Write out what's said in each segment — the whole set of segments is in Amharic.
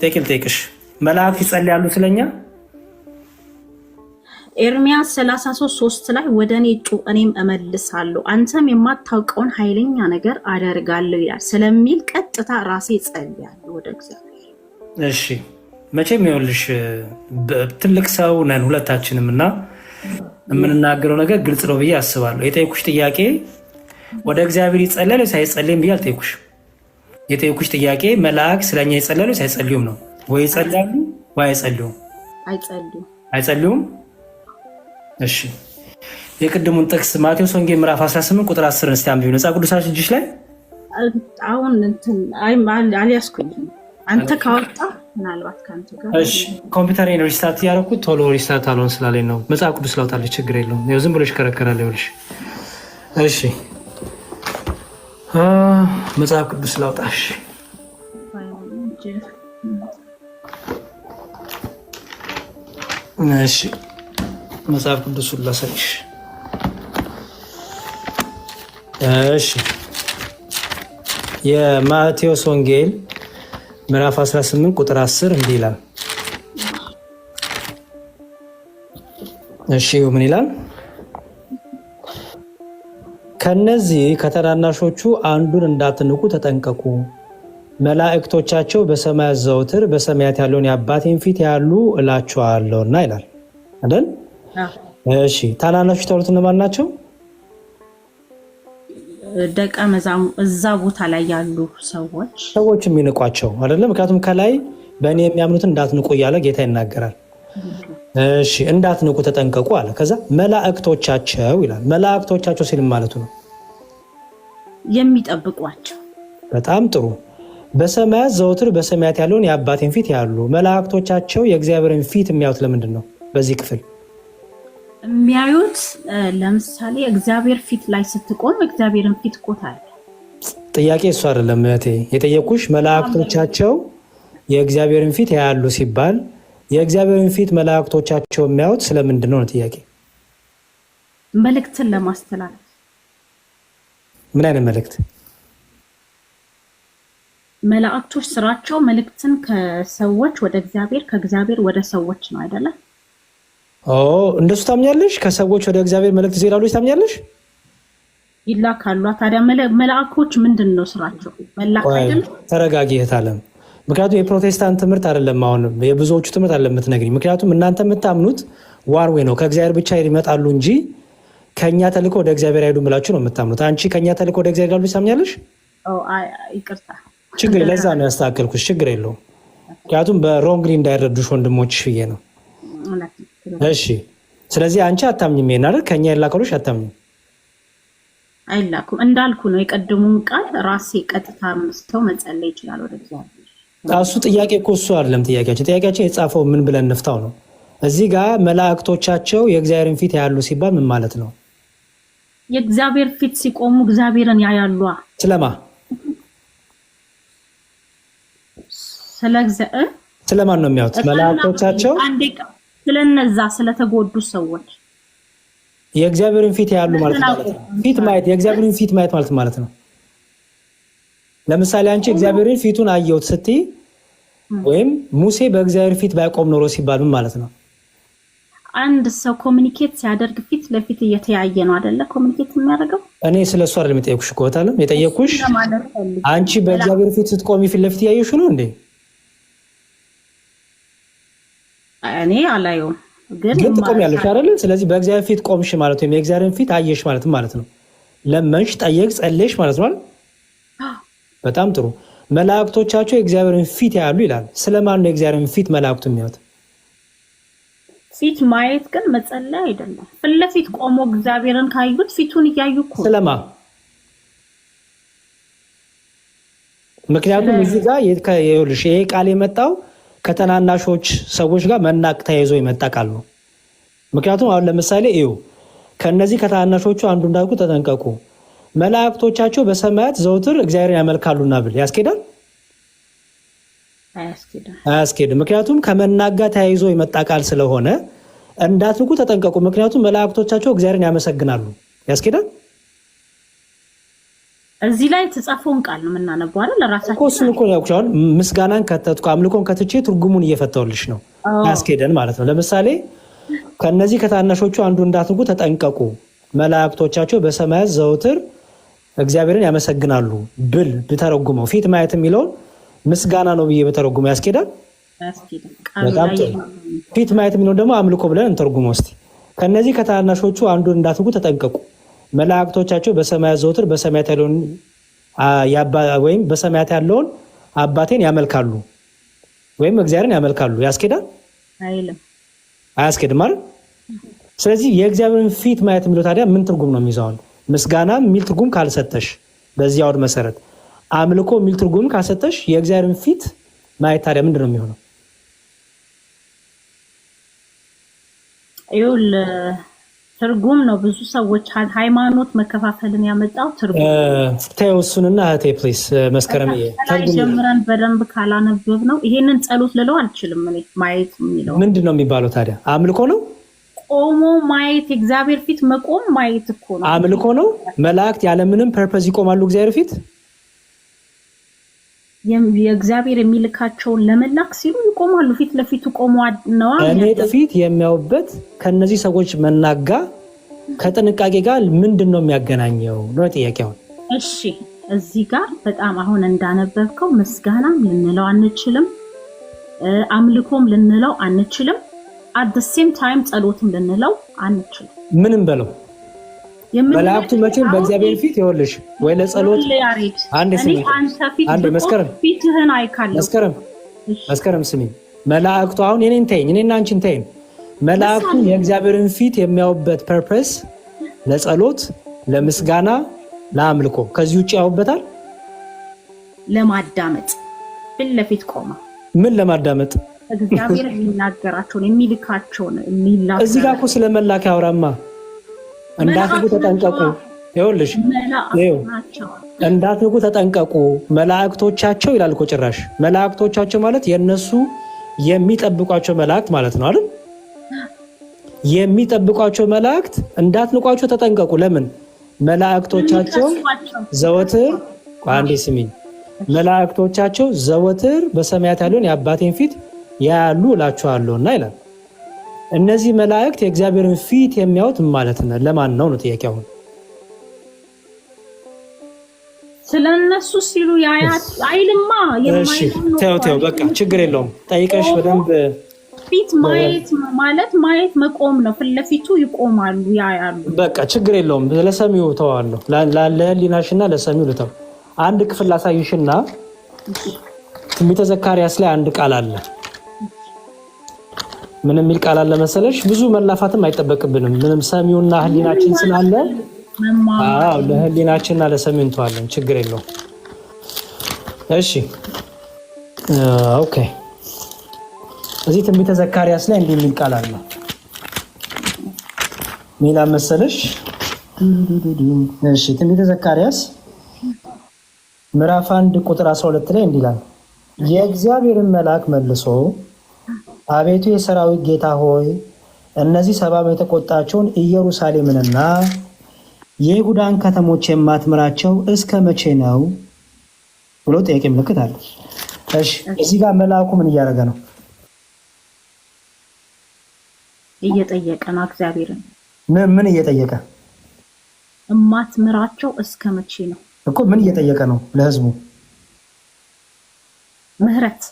ቴክል ቴክሽ መላእክት ይጸልያሉ ስለኛ ኤርሚያስ 33 3 ላይ ወደ እኔ ጩ እኔም እመልሳለሁ አንተም የማታውቀውን ኃይለኛ ነገር አደርጋለሁ ይላል ስለሚል ቀጥታ ራሴ ጸልያለሁ ወደ እግዚአብሔር። እሺ መቼም ይኸውልሽ ትልቅ ሰው ነን ሁለታችንም እና የምንናገረው ነገር ግልጽ ነው ብዬ አስባለሁ። የጠየኩሽ ጥያቄ ወደ እግዚአብሔር ይጸለል ሳይጸልም ብዬ አልጠየኩሽ። የጠየኩሽ ጥያቄ መልአክ ስለኛ የጸለሉ አይጸልዩም ነው ወይ ይጸላሉ ወይ አይጸልዩም? አይጸልዩም። እሺ የቅድሙን ጥቅስ ማቴዎስ ወንጌል ምዕራፍ 18 ቁጥር 10 እስቲ አንብዩ። ነጻ ቅዱሳችን እጅሽ ላይ አሁን እንትን አልያዝኩኝም። አንተ ካወጣ ምናልባት ከአንተ ጋር እሺ። ኮምፒውተሬን ሪስታርት እያደረኩት ቶሎ ሪስታርት አልሆን ስላለኝ ነው። መጽሐፍ ቅዱስ ላውጣልሽ፣ ችግር የለውም። ዝም ብሎ ይሽከረከራል። ይኸውልሽ። እሺ መጽሐፍ ቅዱስ ላውጣሽ። እሺ መጽሐፍ ቅዱሱን ላሳይሽ። እሺ የማቴዎስ ወንጌል ምዕራፍ 18 ቁጥር 10 እንዲህ ይላል። እሺ ምን ይላል? ከነዚህ ከተናናሾቹ አንዱን እንዳትንቁ ተጠንቀቁ። መላእክቶቻቸው በሰማያት ዘውትር በሰማያት ያለውን የአባቴን ፊት ያሉ እላችኋለሁና ይላል አይደል? እሺ ታናናሾች ተብሎት እነማን ናቸው? ደቀ መዛሙርት እዛ ቦታ ላይ ያሉ ሰዎች ሰዎች የሚንቋቸው አይደለም። ምክንያቱም ከላይ በእኔ የሚያምኑትን እንዳትንቁ እያለ ጌታ ይናገራል። እሺ እንዳትንቁ ተጠንቀቁ አለ። ከዛ መላእክቶቻቸው ይላል። መላእክቶቻቸው ሲል ማለቱ ነው የሚጠብቋቸው። በጣም ጥሩ። በሰማያት ዘውትር በሰማያት ያለውን የአባቴን ፊት ያሉ መላእክቶቻቸው የእግዚአብሔርን ፊት የሚያዩት ለምንድን ነው? በዚህ ክፍል የሚያዩት ለምሳሌ እግዚአብሔር ፊት ላይ ስትቆም እግዚአብሔርን ፊት ቆታል። ጥያቄ እሱ አይደለም እህቴ የጠየኩሽ። መላእክቶቻቸው የእግዚአብሔርን ፊት ያሉ ሲባል የእግዚአብሔርን ፊት መላእክቶቻቸው የሚያዩት ስለምንድን ነው? ጥያቄ መልእክትን ለማስተላለፍ። ምን አይነት መልእክት? መላእክቶች ስራቸው መልእክትን ከሰዎች ወደ እግዚአብሔር፣ ከእግዚአብሔር ወደ ሰዎች ነው አይደለም? እንደሱ ታምኛለሽ? ከሰዎች ወደ እግዚአብሔር መልእክት ይላሉ ታምኛለሽ? ይላካሉ። ታዲያ መላእኮች ምንድን ነው ስራቸው? መላክ ተረጋጊ እህት አለም ምክንያቱም የፕሮቴስታንት ትምህርት አይደለም፣ አሁን የብዙዎቹ ትምህርት አይደለም የምትነግሪኝ። ምክንያቱም እናንተ የምታምኑት ዋን ነው፣ ከእግዚአብሔር ብቻ ይመጣሉ እንጂ ከእኛ ተልእኮ ወደ እግዚአብሔር አይሄዱም ብላችሁ ነው የምታምኑት። አንቺ ከእኛ ተልእኮ ወደ እግዚአብሔር ይሄዳሉ ይሳምኛለሽ። ችግር ለዛ ነው ያስተካከልኩት። ችግር የለውም። ምክንያቱም በሮንግሊ እንዳይረዱሽ ወንድሞች ብዬ ነው። እሺ፣ ስለዚህ አንቺ አታምኝም፣ ይሄን ከእኛ የላከሎች አታምኝም አይላኩም። እንዳልኩ ነው የቀደሙን ቃል ራሴ ቀጥታ ምስተው መጸለይ ይችላል ወደ እግዚአብሔር እሱ ጥያቄ እኮ እሱ አይደለም ጥያቄያቸው። ጥያቄያችን የጻፈው ምን ብለን ነፍታው ነው። እዚህ ጋር መላእክቶቻቸው የእግዚአብሔርን ፊት ያሉ ሲባል ምን ማለት ነው? የእግዚአብሔር ፊት ሲቆሙ እግዚአብሔርን ያያሉ። ስለማ ስለማን ነው የሚያዩት? መላእክቶቻቸው ስለነዛ ስለተጎዱ ሰዎች የእግዚአብሔርን ፊት ያሉ ማለት ነው። ፊት ማየት የእግዚአብሔርን ፊት ማየት ማለት ማለት ነው ለምሳሌ አንቺ እግዚአብሔርን ፊቱን አየሁት ስትይ ወይም ሙሴ በእግዚአብሔር ፊት ባይቆም ኖሮ ሲባል ምን ማለት ነው? አንድ ሰው ኮሚኒኬት ሲያደርግ ፊት ለፊት እየተያየ ነው አደለ? ኮሚኒኬት የሚያደርገው እኔ ስለ እሱ አይደለም የጠየኩሽ እኮ በታለም የጠየኩሽ አንቺ በእግዚአብሔር ፊት ስትቆሚ ፊት ለፊት እያየሽ ነው እንዴ? እኔ አላየውም ግን ትቆሚያለሽ አይደለ? ስለዚህ በእግዚአብሔር ፊት ቆምሽ ማለት ወይም የእግዚአብሔርን ፊት አየሽ ማለትም ማለት ነው። ለመንሽ፣ ጠየቅ፣ ጸለሽ ማለት ነው። በጣም ጥሩ። መላእክቶቻቸው የእግዚአብሔርን ፊት ያሉ ይላል። ስለማን ነው የእግዚአብሔርን ፊት መላእክቱ የሚያዩት? ፊት ማየት ግን መጸለይ አይደለም። ፊት ለፊት ቆሞ እግዚአብሔርን ካዩት ፊቱን እያዩ እኮ ስለማ ምክንያቱም እዚህ ጋር ይኸውልሽ ይሄ ቃል የመጣው ከተናናሾች ሰዎች ጋር መናቅ ተያይዞ የመጣ ቃል ነው። ምክንያቱም አሁን ለምሳሌ ይኸው ከእነዚህ ከተናናሾቹ አንዱ እንዳልኩ ተጠንቀቁ መላእክቶቻቸው በሰማያት ዘውትር እግዚአብሔር ያመልካሉና ብል ያስኬዳል? አያስኬድም። ምክንያቱም ከመናጋ ተያይዞ የመጣ ቃል ስለሆነ እንዳትንቁ ተጠንቀቁ፣ ምክንያቱም መላእክቶቻቸው እግዚአብሔርን ያመሰግናሉ። ያስኬዳል? እዚህ ላይ የተጻፈውን ቃል ነው የምናነበው አይደል? ለራሳችን እኮ ያውቁሻል። ምስጋናን ከተትኩ አምልኮን ከትቼ ትርጉሙን እየፈታሁልሽ ነው። ያስኬደን ማለት ነው። ለምሳሌ ከነዚህ ከታናሾቹ አንዱ እንዳትንቁ ተጠንቀቁ፣ መላእክቶቻቸው በሰማያት ዘውትር እግዚአብሔርን ያመሰግናሉ ብል ብተረጉመው ፊት ማየት የሚለውን ምስጋና ነው ብዬ በተረጉመው ያስኬዳል። በጣም ፊት ማየት የሚለውን ደግሞ አምልኮ ብለን እንተርጉመው እስኪ። ከእነዚህ ከታናሾቹ አንዱን እንዳትጉ ተጠንቀቁ። መላእክቶቻቸው በሰማያት ዘውትር በሰማያት ያለውን ወይም በሰማያት ያለውን አባቴን ያመልካሉ ወይም እግዚአብሔርን ያመልካሉ። ያስኬዳል? አያስኬድም አይደል? ስለዚህ የእግዚአብሔርን ፊት ማየት የሚለው ታዲያ ምን ትርጉም ነው የሚይዘዋል? ምስጋና የሚል ትርጉም ካልሰጠሽ በዚህ አውድ መሰረት አምልኮ የሚል ትርጉም ካልሰጠሽ የእግዚአብሔርን ፊት ማየት ታዲያ ምንድን ነው የሚሆነው? ይኸውልህ ትርጉም ነው። ብዙ ሰዎች ሃይማኖት መከፋፈልን ያመጣው ትርጉም ተይው። እሱንና እህቴ ፕሊስ መስከረም ጀምረን በደንብ ካላነበብ ነው ይሄንን ጸሎት ልለው አልችልም። ማየት የሚለው ምንድን ነው የሚባለው ታዲያ አምልኮ ነው ቆሞ ማየት እግዚአብሔር ፊት መቆም ማየት እኮ ነው፣ አምልኮ ነው። መላእክት ያለምንም ፐርፐዝ ይቆማሉ እግዚአብሔር ፊት። የእግዚአብሔር የሚልካቸውን ለመላክ ሲሉ ይቆማሉ። ፊት ለፊቱ ቆሞ ነዋ። እኔ ጥፊት የሚያውበት ከነዚህ ሰዎች መናጋ ከጥንቃቄ ጋር ምንድን ነው የሚያገናኘው ነው ጥያቄ። እሺ፣ እዚህ ጋር በጣም አሁን እንዳነበብከው ምስጋናም ልንለው አንችልም፣ አምልኮም ልንለው አንችልም። አት ሴም ታይም ጸሎትም ልንለው አንችልም። ምንም በለው መላእክቱ መቼም በእግዚአብሔር ፊት ይኸውልሽ ወይ ለጸሎት አንድ ስሚ፣ አንድ መስከረም ፊትህን አይካለሁ። መስከረም መስከረም ስሚ፣ መላእክቱ አሁን የኔን ተይኝ፣ እኔና አንቺን ተይኝ። መላእክቱ የእግዚአብሔርን ፊት የሚያዩበት ፐርፐስ ለጸሎት፣ ለምስጋና፣ ለአምልኮ ከዚህ ውጭ ያዩበታል። ለማዳመጥ ፊት ለፊት ቆማ ምን ለማዳመጥ እግዚአብሔር የሚናገራቸውን የሚልካቸውን የሚላ እዚህ ጋ እኮ ስለ መላክ አውራማ እንዳትጉ ተጠንቀቁ። ይኸውልሽ እንዳትጉ ተጠንቀቁ መላእክቶቻቸው ይላል እኮ ጭራሽ። መላእክቶቻቸው ማለት የእነሱ የሚጠብቋቸው መላእክት ማለት ነው አይደል? የሚጠብቋቸው መላእክት እንዳትንቋቸው ተጠንቀቁ። ለምን መላእክቶቻቸው ዘወትር አንዴ ስሚኝ፣ መላእክቶቻቸው ዘወትር በሰማያት ያለውን የአባቴን ፊት ያያሉ እላችኋለሁና ይላል። እነዚህ መላእክት የእግዚአብሔርን ፊት የሚያዩት ማለት ነው። ለማን ነው ነው ጥያቄ። አሁን ስለ ሲሉ አይልማ። በቃ ችግር የለውም። ጠይቀሽ በደንብ ፊት ማየት ማለት ማየት መቆም ነው። ፊት ለፊቱ ይቆማሉ፣ ያያሉ። በቃ ችግር የለውም። ለሰሚው ተዋለሁ፣ ለህሊናሽና ለሰሚው ልተው። አንድ ክፍል ላሳይሽና ትንቢተ ዘካርያስ ላይ አንድ ቃል አለ ምን የሚል ቃል አለ መሰለሽ? ብዙ መላፋትም አይጠበቅብንም። ምንም ሰሚውና ህሊናችን ስላለ ለህሊናችንና ለሰሚው እንተዋለን። ችግር የለው። እሺ ኦኬ። እዚህ ትንቢተ ዘካርያስ ላይ እንዲህ የሚል ቃል አለ። ሚላ መሰለሽ? እሺ ትንቢተ ዘካርያስ ምዕራፍ አንድ ቁጥር 12 ላይ እንዲላል የእግዚአብሔርን መልአክ መልሶ አቤቱ የሰራዊት ጌታ ሆይ እነዚህ ሰባብ የተቆጣቸውን ኢየሩሳሌምንና የይሁዳን ከተሞች የማትምራቸው እስከ መቼ ነው ብሎ ጥያቄ ምልክት አለ። እሺ እዚህ ጋር መልአኩ ምን እያደረገ ነው? እየጠየቀ ነው እግዚአብሔርን። ምን ምን እየጠየቀ እማትምራቸው እስከ መቼ ነው እኮ። ምን እየጠየቀ ነው? ለህዝቡ ምህረት።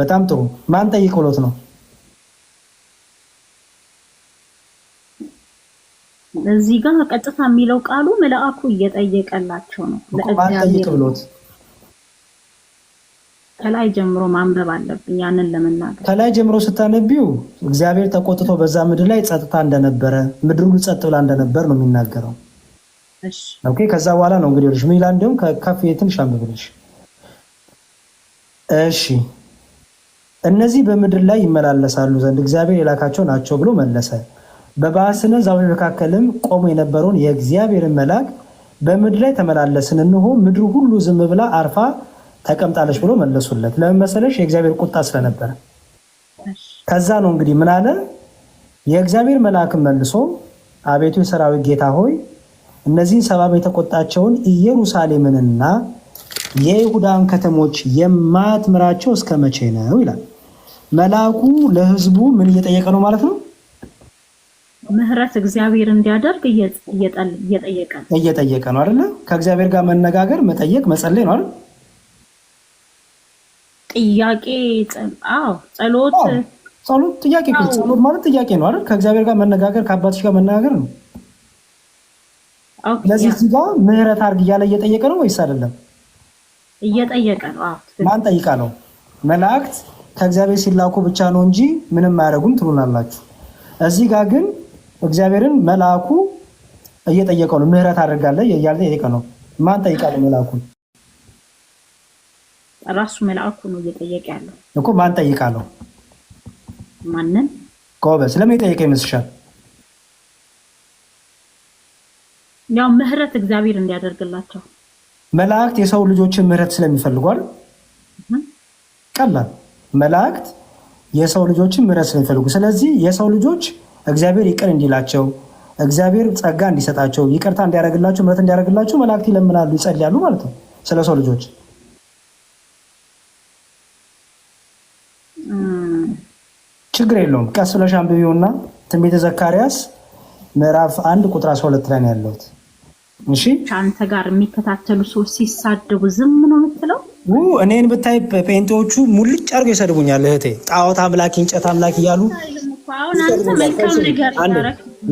በጣም ጥሩ። ማን ጠይቅ ብሎት ነው? እዚህ ጋር ቀጥታ የሚለው ቃሉ መልአኩ እየጠየቀላቸው ነው። ከላይ ጀምሮ ማንበብ አለብን። ያንን ለመናገር ከላይ ጀምሮ ስታነቢው እግዚአብሔር ተቆጥቶ በዛ ምድር ላይ ጸጥታ እንደነበረ፣ ምድር ሁሉ ጸጥ ብላ እንደነበር ነው የሚናገረው። ኦኬ ከዛ በኋላ ነው እንግዲህ ልሽ ሚላ እንዲሁም ከፍ ትንሽ አንብብልሽ። እሺ እነዚህ በምድር ላይ ይመላለሳሉ ዘንድ እግዚአብሔር የላካቸው ናቸው ብሎ መለሰ። በባስነ ዛውሬ መካከልም ቆሞ የነበረውን የእግዚአብሔርን መልአክ በምድር ላይ ተመላለስን፣ እንሆ ምድሩ ሁሉ ዝም ብላ አርፋ ተቀምጣለች ብሎ መለሱለት። ለምን መሰለሽ? የእግዚአብሔር ቁጣ ስለነበረ። ከዛ ነው እንግዲህ ምን አለ የእግዚአብሔር መልአክን መልሶ አቤቱ የሰራዊት ጌታ ሆይ እነዚህን ሰባ የተቆጣቸውን ኢየሩሳሌምንና የይሁዳን ከተሞች የማትምራቸው እስከ መቼ ነው? ይላል መልአኩ። ለህዝቡ ምን እየጠየቀ ነው ማለት ነው? ምህረት እግዚአብሔር እንዲያደርግ እየጠየቀ ነው እየጠየቀ ነው አይደለ? ከእግዚአብሔር ጋር መነጋገር፣ መጠየቅ፣ መጸለይ ነው አይደል? ጥያቄ ጸሎት ጸሎት ጥያቄ ጸሎት ማለት ጥያቄ ነው አይደል? ከእግዚአብሔር ጋር መነጋገር፣ ከአባትሽ ጋር መነጋገር ነው። ስለዚህ እዚህ ምህረት አድርግ እያለ እየጠየቀ ነው ወይስ አይደለም? እየጠየቀ ነው። ማን ጠይቃ ነው? መላእክት ከእግዚአብሔር ሲላኩ ብቻ ነው እንጂ ምንም አያደርጉም ትሉናላችሁ። እዚህ ጋር ግን እግዚአብሔርን መልአኩ እየጠየቀው ነው። ምህረት አድርጋለህ እያለ ጠየቀ ነው። ማን ጠይቃለ? መልአኩ ራሱ መልአኩ ነው እየጠየቀ ያለው እኮ። ማን ጠይቃለው? ማንን ጎበዝ? ስለምን የጠየቀ ይመስልሻል? ያው ምህረት እግዚአብሔር እንዲያደርግላቸው መላእክት የሰው ልጆችን ምህረት ስለሚፈልጓል። ቀላል መላእክት የሰው ልጆችን ምህረት ስለሚፈልጉ፣ ስለዚህ የሰው ልጆች እግዚአብሔር ይቅር እንዲላቸው እግዚአብሔር ጸጋ እንዲሰጣቸው ይቅርታ እንዲያደርግላቸው ምሕረት እንዲያደርግላቸው መላእክት ይለምናሉ፣ ይጸልያሉ ማለት ነው። ስለ ሰው ልጆች ችግር የለውም። ቀስ ብለሽ አንብቢውና ትንቢተ ዘካርያስ ምዕራፍ አንድ ቁጥር 12 ላይ ነው ያለሁት። እሺ ከአንተ ጋር የሚከታተሉ ሰዎች ሲሳደቡ ዝም ነው የምትለው? እኔን ብታይ ጴንጤዎቹ ሙልጭ አድርገው ይሰድቡኛል እህቴ። ጣዖት አምላኪ እንጨት አምላኪ እያሉ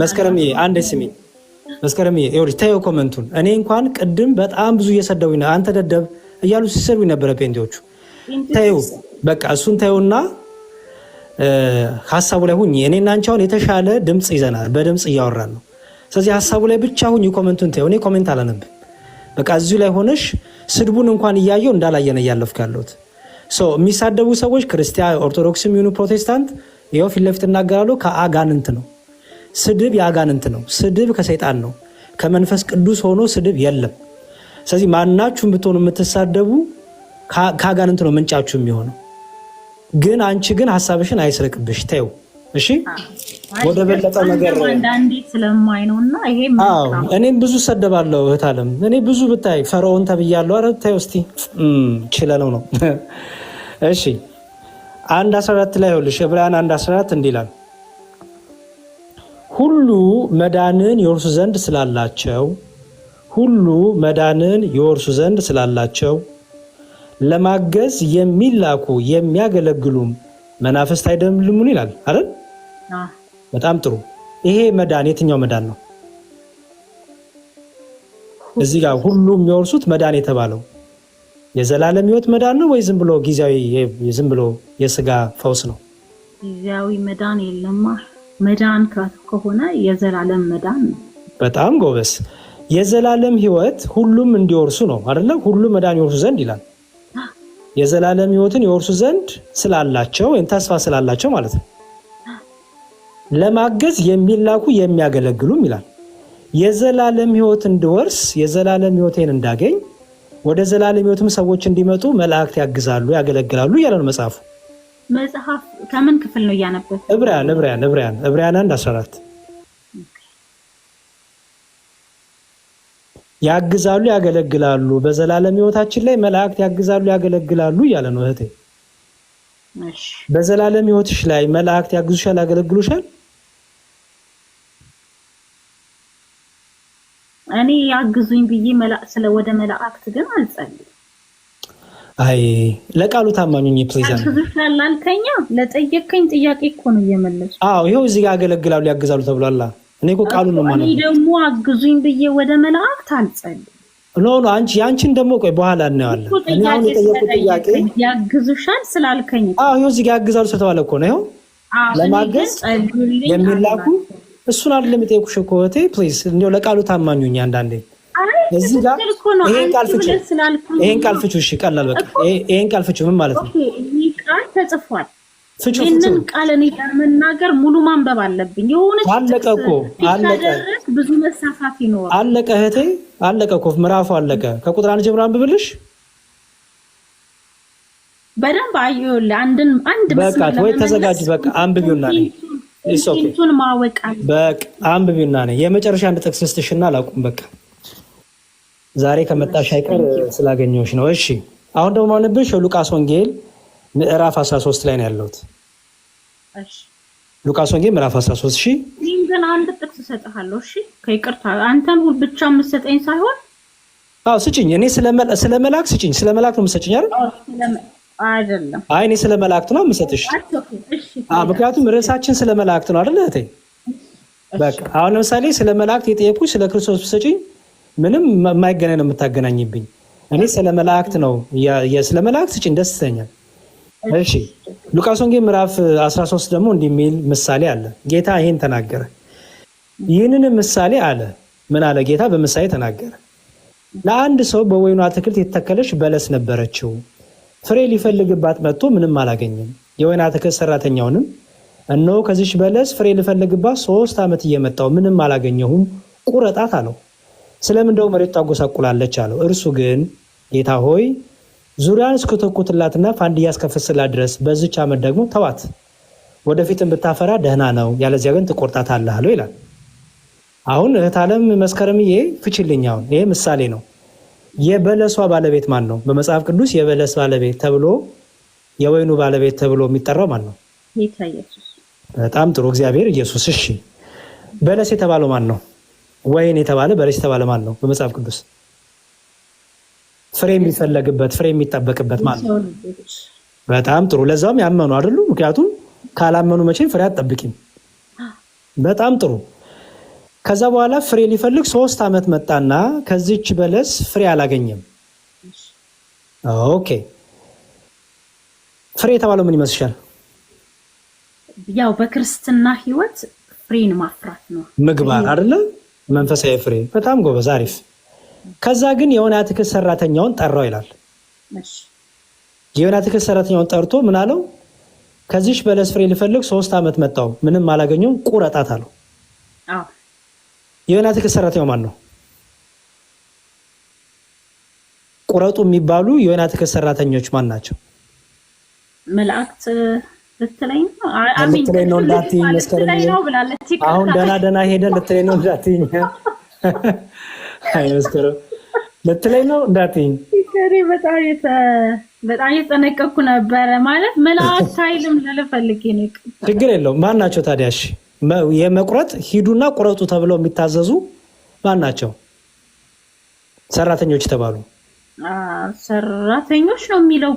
መስከረም አንድ ስሚ መስከረም ይኸውልሽ፣ ተይው ኮመንቱን። እኔ እንኳን ቅድም በጣም ብዙ እየሰደቡኝ ነው፣ አንተ ደደብ እያሉ ሲሰዱኝ ነበረ ጴንጤዎቹ። ተይው በቃ እሱን ተይውና ሀሳቡ ላይ ሁኝ። እኔና አንቺ አሁን የተሻለ ድምፅ ይዘናል፣ በድምፅ እያወራን ነው። ስለዚህ ሀሳቡ ላይ ብቻ ሁኝ፣ ኮመንቱን ተይው። እኔ ኮሜንት አላነብም። በቃ እዚሁ ላይ ሆነሽ ስድቡን እንኳን እያየው እንዳላየነ እያለፍክ ያለሁት የሚሳደቡ ሰዎች ክርስቲያን ኦርቶዶክስም ይሁኑ ፕሮቴስታንት ይኸው ፊት ለፊት እናገራሉ። ከአጋንንት ነው። ስድብ የአጋንንት ነው። ስድብ ከሰይጣን ነው። ከመንፈስ ቅዱስ ሆኖ ስድብ የለም። ስለዚህ ማናችሁም ብትሆኑ የምትሳደቡ ከአጋንንት ነው ምንጫችሁ የሚሆነው። ግን አንቺ ግን ሀሳብሽን አይስረቅብሽ ተይው። እሺ ወደ በለጠ ነገር እኔም ብዙ ሰደባለሁ። እህት አለም እኔ ብዙ ብታይ ፈርዖን ተብያለሁ። ኧረ ተይው እስኪ ችለነው ነው። እሺ አንድ 14 ላይ ይኸውልሽ ዕብራውያን አንድ 14 እንዲህ ይላል ሁሉ መዳንን የወርሱ ዘንድ ስላላቸው ሁሉ መዳንን የወርሱ ዘንድ ስላላቸው ለማገዝ የሚላኩ የሚያገለግሉም መናፍስት አይደሉምን ይላል አይደል? በጣም ጥሩ። ይሄ መዳን የትኛው መዳን ነው? እዚህ ጋር ሁሉ የሚወርሱት መዳን የተባለው የዘላለም ህይወት መዳን ነው ወይ ዝም ብሎ ጊዜያዊ ዝም ብሎ የስጋ ፈውስ ነው? ጊዜያዊ መዳን የለማ። መዳን ከሆነ የዘላለም መዳን ነው። በጣም ጎበስ። የዘላለም ህይወት ሁሉም እንዲወርሱ ነው አይደለም? ሁሉም መዳን ይወርሱ ዘንድ ይላል። የዘላለም ህይወትን ይወርሱ ዘንድ ስላላቸው ወይም ተስፋ ስላላቸው ማለት ነው ለማገዝ የሚላኩ የሚያገለግሉም ይላል። የዘላለም ህይወት እንድወርስ የዘላለም ህይወቴን እንዳገኝ ወደ ዘላለም ሕይወትም ሰዎች እንዲመጡ መላእክት ያግዛሉ፣ ያገለግላሉ እያለ ነው መጽሐፉ። መጽሐፍ ከምን ክፍል ነው እያነበብ? ዕብራውያን ዕብራውያን ዕብራውያን ዕብራውያን አንድ 14 ያግዛሉ፣ ያገለግላሉ በዘላለም ሕይወታችን ላይ መላእክት ያግዛሉ፣ ያገለግላሉ እያለ ነው እህቴ። በዘላለም ሕይወትሽ ላይ መላእክት ያግዙሻል፣ ያገለግሉሻል እኔ ያግዙኝ ብዬ ስለ ወደ መላእክት ግን አልጸልም። አይ ለቃሉ ታማኙኝ ፕሊዝ። ላልከኛ ጥያቄ እኮ ነው እየመለሱ። አዎ ይኸው እዚህ ጋር ያገለግላሉ ያግዛሉ ተብሏላ። እኔ እኮ ቃሉ ነው ማለት ደግሞ አግዙኝ ብዬ ወደ መላእክት አልጸልም። ኖ ኖ አንቺ ያንቺን ደግሞ ቆይ በኋላ እናየዋለን። እኔ አሁን የጠየቁት ጥያቄ ያግዙሻል ስላልከኝ፣ አዎ ይኸው እዚህ ጋር ያግዛሉ ስለተባለ እኮ ነው። ይኸው ለማገዝ የሚላኩ እሱን አይደለም የጠየኩሽ እኮ እህቴ ፕሊዝ፣ እንዲያው ለቃሉ ታማኙኝ አንዳንዴ። እዚህ ጋር ይሄን ቃል ፍቹ፣ ይሄን ቃል ፍቹ። እሺ ቀላል፣ በቃ ይሄን ቃል ፍቹ። ምን ማለት ነው? ቃል ተጽፏል። ይህንን ቃል እኔ ጋር መናገር ሙሉ ማንበብ አለብኝ። የሆነ አለቀ እኮ አለቀ፣ ብዙ መሳፋት ይኖራል። አለቀ እህቴ፣ አለቀ እኮ ምዕራፉ አለቀ። ከቁጥር አንድ ጀምሮ አንብብልሽ በደንብ አየሁልህ። አንድን አንድ በቃ ወይ ተዘጋጅ፣ በቃ አንብቢውና ነኝ ቱን ማወቅ አንብቢና ነ የመጨረሻ አንድ ጥቅስ ስትሽና አላቁም በቃ ዛሬ ከመጣሽ አይቀር ስላገኘሁሽ ነው። እሺ አሁን ደግሞ ማንብሽ ሉቃስ ወንጌል ምዕራፍ 13 ላይ ነው ያለሁት። ሉቃስ ወንጌል ምዕራፍ 13 ሺ ግን አንድ ጥቅስ እሰጥሃለሁ። እሺ ከይቅርታ አንተን ሁል ብቻ የምትሰጠኝ ሳይሆን አዎ ስጭኝ። እኔ ስለመላክ ስጭኝ፣ ስለመላክ ነው የምትሰጭኝ አይደል? አይደለም። አይ እኔ ስለ መላእክት ነው የምሰጥሽ። ምክንያቱም ርዕሳችን ስለ መላእክት ነው አይደለ እህቴ? በቃ አሁን ለምሳሌ ስለ መላእክት የጠየኩሽ ስለ ክርስቶስ ብትሰጪኝ ምንም የማይገናኝ ነው የምታገናኝብኝ። እኔ ስለ መላእክት ነው ስለ መላእክት ስጪኝ ደስ ይለኛል። እሺ ሉቃስ ወንጌል ምዕራፍ 13 ደግሞ እንዲህ የሚል ምሳሌ አለ። ጌታ ይሄን ተናገረ። ይህንን ምሳሌ አለ ምን አለ ጌታ? በምሳሌ ተናገረ። ለአንድ ሰው በወይኑ አትክልት የተተከለች በለስ ነበረችው ፍሬ ሊፈልግባት መጥቶ ምንም አላገኘም። የወይን አትክልት ሰራተኛውንም እነሆ ከዚች በለስ ፍሬ ልፈልግባት ሶስት ዓመት እየመጣው ምንም አላገኘሁም፣ ቁረጣት አለው። ስለምንደው መሬት ታጎሳቁላለች አለው። እርሱ ግን ጌታ ሆይ ዙሪያን እስክተኩትላትና ፋንድያ እስከፈስላት ድረስ በዚች ዓመት ደግሞ ተዋት፣ ወደፊትም ብታፈራ ደህና ነው፣ ያለዚያ ግን ትቆርጣታለህ አለው ይላል። አሁን እህት ዓለም መስከረምዬ ፍችልኝ። ይሄ ምሳሌ ነው። የበለሷ ባለቤት ማን ነው? በመጽሐፍ ቅዱስ የበለስ ባለቤት ተብሎ የወይኑ ባለቤት ተብሎ የሚጠራው ማን ነው? በጣም ጥሩ እግዚአብሔር ኢየሱስ። እሺ በለስ የተባለው ማን ነው? ወይን የተባለ በለስ የተባለ ማን ነው? በመጽሐፍ ቅዱስ ፍሬ የሚፈለግበት ፍሬ የሚጠበቅበት ማን ነው? በጣም ጥሩ። ለዛውም ያመኑ አይደሉ? ምክንያቱም ካላመኑ መቼም ፍሬ አትጠብቂም። በጣም ጥሩ ከዛ በኋላ ፍሬ ሊፈልግ ሶስት ዓመት መጣና ከዚች በለስ ፍሬ አላገኘም። ኦኬ ፍሬ የተባለው ምን ይመስልሻል? ያው በክርስትና ህይወት ፍሬን ማፍራት ነው፣ ምግባር አይደለ? መንፈሳዊ ፍሬ። በጣም ጎበዝ፣ አሪፍ። ከዛ ግን የሆነ አትክልት ሰራተኛውን ጠራው ይላል። የሆነ አትክልት ሰራተኛውን ጠርቶ ምን አለው? ከዚች በለስ ፍሬ ሊፈልግ ሶስት ዓመት መጣው፣ ምንም አላገኘውም፣ ቁረጣት አለው። የዮናስ ክስ ሰራተኛው ማን ነው? ቁረጡ የሚባሉ የዮናስ ክስ ሰራተኞች ማን ናቸው? ልትለኝ ነው እንዳትይኝ፣ መስከረም አሁን ደህና ደህና ሄደ ልትለኝ ነው እንዳትይኝ፣ አይ መስከረም ልትለኝ ነው እንዳትይኝ። በጣም የጠነቀኩ ነበረ ማለት መልአክ ኃይልም ልፈልግ ችግር የለውም። ማን ናቸው ታዲያ? እሺ የመቁረጥ ሂዱና ቁረጡ ተብለው የሚታዘዙ ማን ናቸው? ሰራተኞች ተባሉ። ሰራተኞች ነው የሚለው